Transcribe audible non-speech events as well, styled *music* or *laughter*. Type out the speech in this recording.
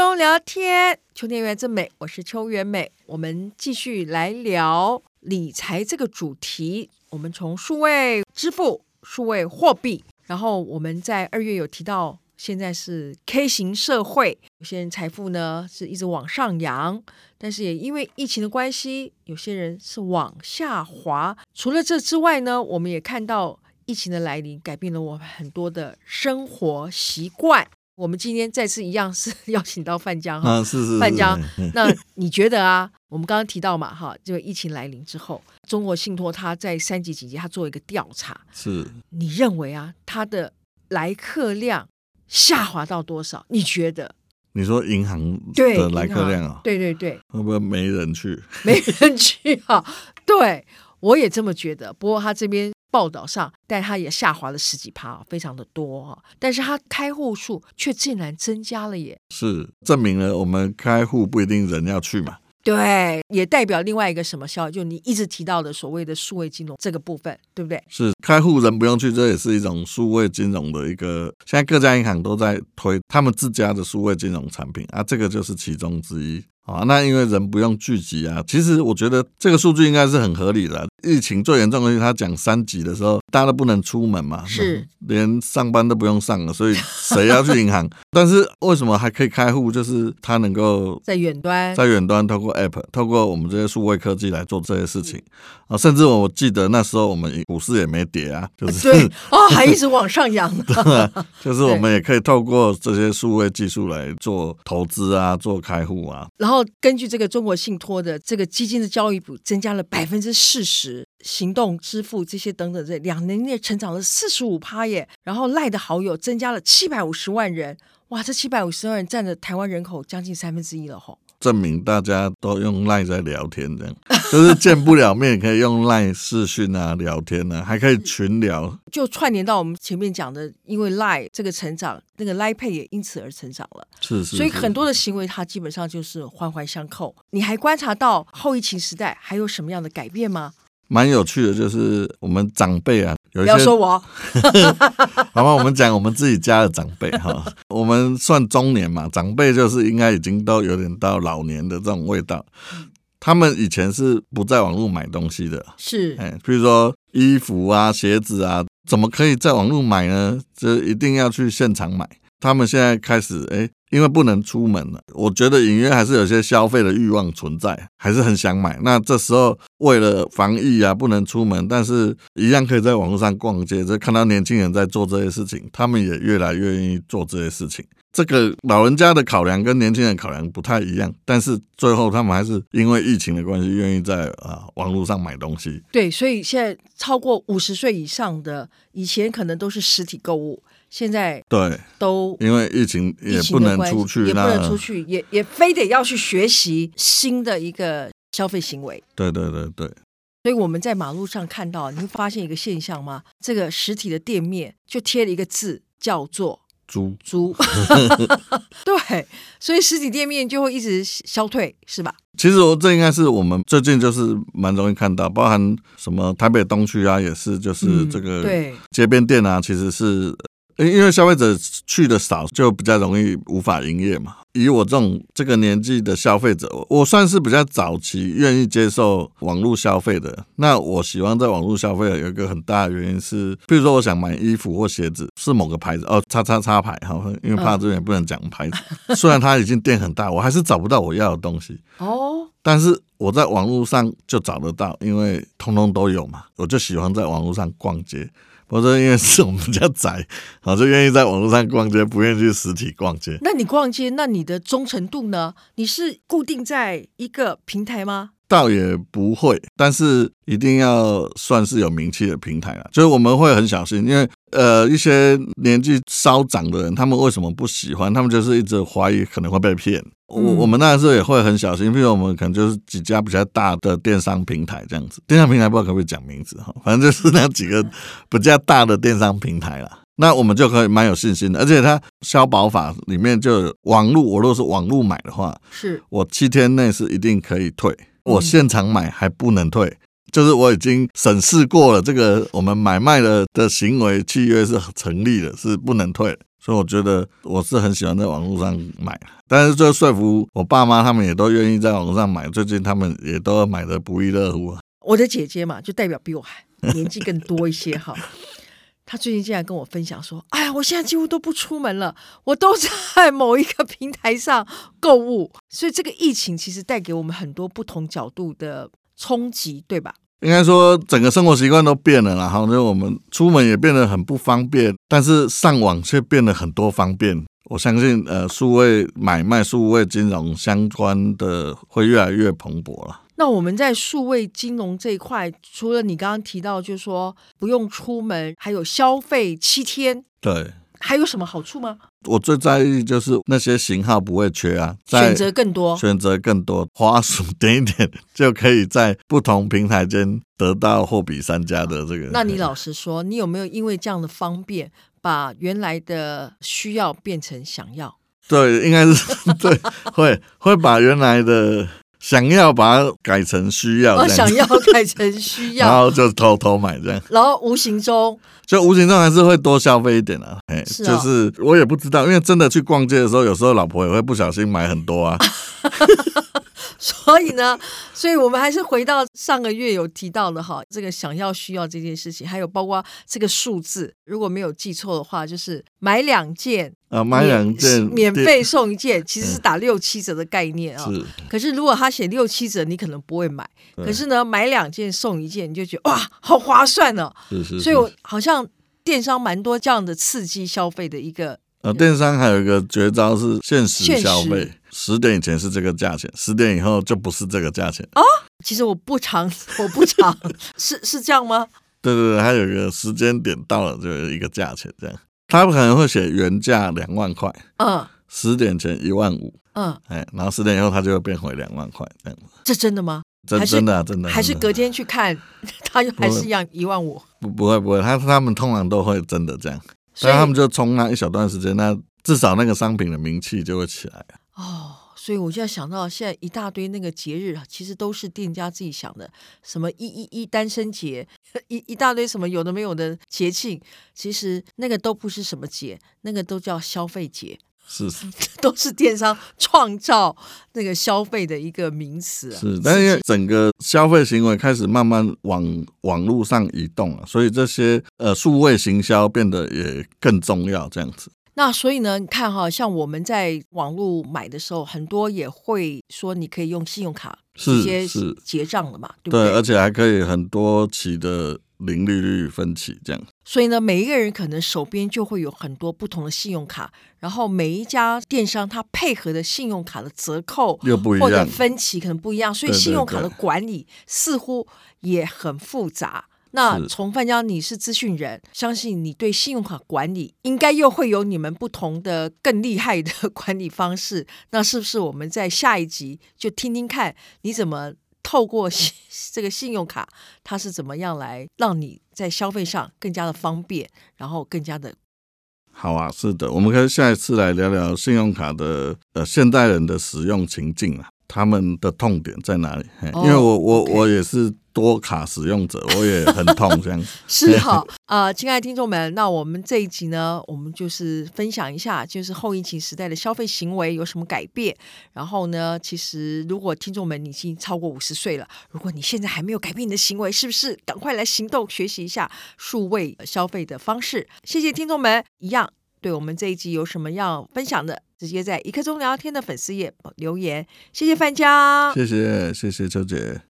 中聊天，秋天園真美，我是秋園美。我們繼續來聊理財這個主題。我們從數位支付、數位貨幣，然後我們在二月有提到，現在是 K 型社會，有些人財富呢是一直往上揚，但是也因為疫情的關係，有些人是往下滑。除了這之外呢，我們也看到疫情的來臨，改變了我們很多的生活習慣。我們今天再次一樣是邀請到范姜哈，范姜，那你覺得啊？我們剛剛提到嘛哈，就疫情來臨之後，中國信託他在三級警戒，他做一個調查，是，你認為啊，他的來客量下滑到多少？你覺得？你說銀行的來客量啊？哦？對對對，會不會沒人去？沒人去哈？啊？對，我也這麼覺得。不過他這邊。報道上，但它也下滑了十幾趴啊，非常的多啊，但是它開戶數卻竟然增加了耶，是證明了我們開戶不一定人要去嘛。對，也代表另外一個什麼效，就你一直提到的所謂的數位金融這個部分，對不對？是開戶人不用去，這也是一種數位金融的一個。現在各家銀行都在推他們自家的數位金融產品啊，這個就是其中之一。啊，那因為人不用聚集啊，其實我覺得這個數據應該是很合理的。疫情最嚴重的是他講三級的時候，大家都不能出門嘛，是、嗯、連上班都不用上了，所以誰要去銀行？ *laughs* 但是為什麼還可以開戶？就是他能夠在遠端，在遠端透過 App，透過我們這些數位科技來做這些事情是啊。甚至我記得那時候我們股市也沒跌啊，就是對啊、哦，還一直往上揚、啊 *laughs* 啊。就是我們也可以透過這些數位技術來做投資啊，做開戶啊，然後。然後根據這個中國信托的這個基金的交易額增加了百分之四十，行動支付這些等等，這兩年內成長了四十五趴耶。然後 LINE 的好友增加了七百五十萬人，哇，這七百五十萬人占着台灣人口將近三分之一了吼。證明大家都用賴在聊天這樣，就是見不了面，可以用賴視訊啊，聊天啊，還可以群聊。 *laughs* 就串聯到我們前面講的，因為賴這個成長，那個 LINE Pay 也因此而成長了。是是，是。所以很多的行為，它基本上就是環環相扣。你還觀察到後疫情時代還有什麼樣的改變嗎？蠻有趣的，就是我們長輩啊。有一些不要說我， *laughs* 好吧？我們講我們自己家的長輩哈、 *laughs* 哦，我們算中年嘛，長輩就是應該已經都有點到老年的這種味道。他們以前是不在網絡買東西的，是哎，欸、譬如說衣服啊、鞋子啊，怎麼可以在網絡買呢？就一定要去現場買。他們現在開始、欸因為不能出門了，我覺得隱約還是有些消費的慾望存在，還是很想買。那這時候為了防疫啊，不能出門，但是一樣可以在網絡上逛街。這看到年輕人在做這些事情，他們也越來越願意做這些事情。這個老人家的考量跟年輕人考量不太一樣，但是最後他們還是因為疫情的關係，願意在啊、呃、網絡上買東西。對，所以現在超過五十歲以上的，以前可能都是實體購物。現在都對，都因為疫情也不能出去，也不能出去，那那也也非得要去學習新的一個消費行為。對，對對對對，所以我們在馬路上看到，你會發現一個現象嗎？這個實體的店面就貼了一個字叫做“租租”租。 *laughs* *laughs* 對，所以實體店面就會一直消退，是吧？其實我這應該是我們最近就是蠻容易看到，包含什麼台北東區啊，也是就是這個、嗯、對街邊店啊，其實是。因為消費者去的少，就比較容易無法營業嘛。以我這種這個年紀的消費者，我算是比較早期願意接受網絡消費的。那我喜歡在網絡消費的有一個很大的原因是，譬如說我想買衣服或鞋子，是某個牌子哦，叉叉叉牌，因為怕這邊不能講牌子。雖然它已經店很大，我還是找不到我要的東西哦。但是我在網絡上就找得到，因為通通都有嘛。我就喜歡在網絡上逛街。我說，因為是我們家宅，好，就願意在網絡上逛街，不願意去實體逛街。那你逛街，那你的忠誠度呢？你是固定在一個平台嗎？倒也不會，但是一定要算是有名氣的平台了。所以我們會很小心，因為。呃，一些年紀稍長的人，他們為什麼不喜歡？他們就是一直懷疑可能會被騙。嗯、我我們那時候也會很小心，比如我們可能就是幾家比較大的電商平台這樣子。電商平台不知道可不可以講名字哈，反正就是那幾個比較大的電商平台啦。嗯、那我們就可以蠻有信心的，而且它消保法裡面就網絡，我如果是網絡買的話，是我七天內是一定可以退，我現場買還不能退。就是我已經審視過了這個我們買賣的的行為契約是成立的，是不能退。所以我覺得我是很喜歡在網絡上買，但是就說服我爸媽他們也都願意在網上買。最近他們也都買的不亦樂乎啊！我的姐姐嘛，就代表比我還年紀更多一些哈。 *laughs* 她最近竟然跟我分享說：“哎呀，我現在幾乎都不出門了，我都在某一個平台上購物。”所以這個疫情其實帶給我們很多不同角度的。衝擊對吧？應該說整個生活習慣都變了啦，然後呢，我們出門也變得很不方便，但是上網卻變得很多方便。我相信，呃，數位買賣、數位金融相關的會越來越蓬勃了。那我們在數位金融這一塊，除了你剛剛提到，就是說不用出門，還有消費七天，對。還有什麼好處嗎？我最在意就是那些型號不會缺啊，選擇更多，選擇更多，滑鼠點一點就可以在不同平台間得到貨比三家的這個、啊。那你老實說，你有沒有因為這樣的方便，把原來的需要變成想要？對，應該是對， *laughs* 會會把原來的。想要把它改成需要，想要改成需要， *laughs* 然後就偷偷買這樣，然後無形中，就無形中還是會多消費一點啊。是哦、就是我也不知道，因為真的去逛街的時候，有時候老婆也會不小心買很多啊。 *laughs* *laughs* *laughs* 所以呢，所以我們還是回到上個月有提到的哈，這個想要需要這件事情，還有包括這個數字，如果沒有記錯的話，就是買兩件啊，買兩件免費送一件，嗯、其實是打六七折的概念啊。是。可是如果他寫六七折，你可能不會買。對可是呢，買兩件送一件，你就覺得哇，好划算哦、喔。是是是。所以我好像電商蠻多這樣的刺激消費的一個。呃，電商還有一個絕招是限時消費，實十點以前是這個價錢，十點以後就不是這個價錢啊、哦。其實我不常，我不常， *laughs* 是是這樣嗎？對對對，還有一個時間點到了就一個價錢這樣，他們可能會寫原價兩萬塊，嗯，十點前一萬五，嗯，哎，然後十點以後它就會變回兩萬塊這樣這真的嗎？真是、啊、真的真的，還是隔天去看，他又 *laughs* 會還是一樣一萬五？不不會不會，他他們通常都會真的這樣。所以他們就衝那、啊、一小段時間，那至少那個商品的名氣就會起來。哦，所以我就想到，現在一大堆那個節日啊，其實都是店家自己想的，什麼一一一單身節，一一大堆什麼有的沒有的節慶，其實那個都不是什麼節，那個都叫消費節。是，是， *laughs* 都是電商創造那個消費的一個名詞啊。是，但是整個消費行為開始慢慢往網絡上移動了，所以這些呃數位行銷變得也更重要。這樣子，那所以呢，你看哈，像我們在網絡買的時候，很多也會說你可以用信用卡直接結賬了嘛，是是對不對？對，而且還可以很多期的零利率分期這樣。所以呢，每一個人可能手邊就會有很多不同的信用卡，然後每一家電商它配合的信用卡的折扣又不一樣，或者分歧可能不一樣，所以信用卡的管理似乎也很複雜。對對對，那從范姜，你是資訊人，是相信你對信用卡管理應該又會有你們不同的更厲害的管理方式。那是不是我們在下一集就聽聽看你怎麼？透過這個信用卡，它是怎麼樣來讓你在消費上更加的方便，然後更加的……好啊，是的，我們可以下一次來聊聊信用卡的，呃，現代人的使用情境啊。他們的痛點在哪裡？Oh, 因為我我 Okay. 我也是多卡使用者，我也很痛這樣。是好啊，親愛的聽眾們，那我們這一集呢，我們就是分享一下，就是後疫情時代的消費行為有什麼改變。然後呢，其實如果聽眾們已經超過五十歲了，如果你現在還沒有改變你的行為，是不是趕快來行動學習一下數位消費的方式？謝謝聽眾們，一樣。對我們這一集有什麼要分享的，直接在一刻鐘聊天的粉絲頁留言。謝謝范姜，謝謝謝謝周姐。